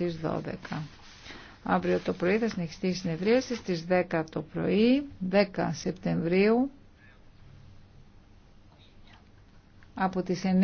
στις 12. Αύριο το πρωί θα συνεχιστεί η συνεδρίαση στις 10 το πρωί, 10 Σεπτεμβρίου, από τις 9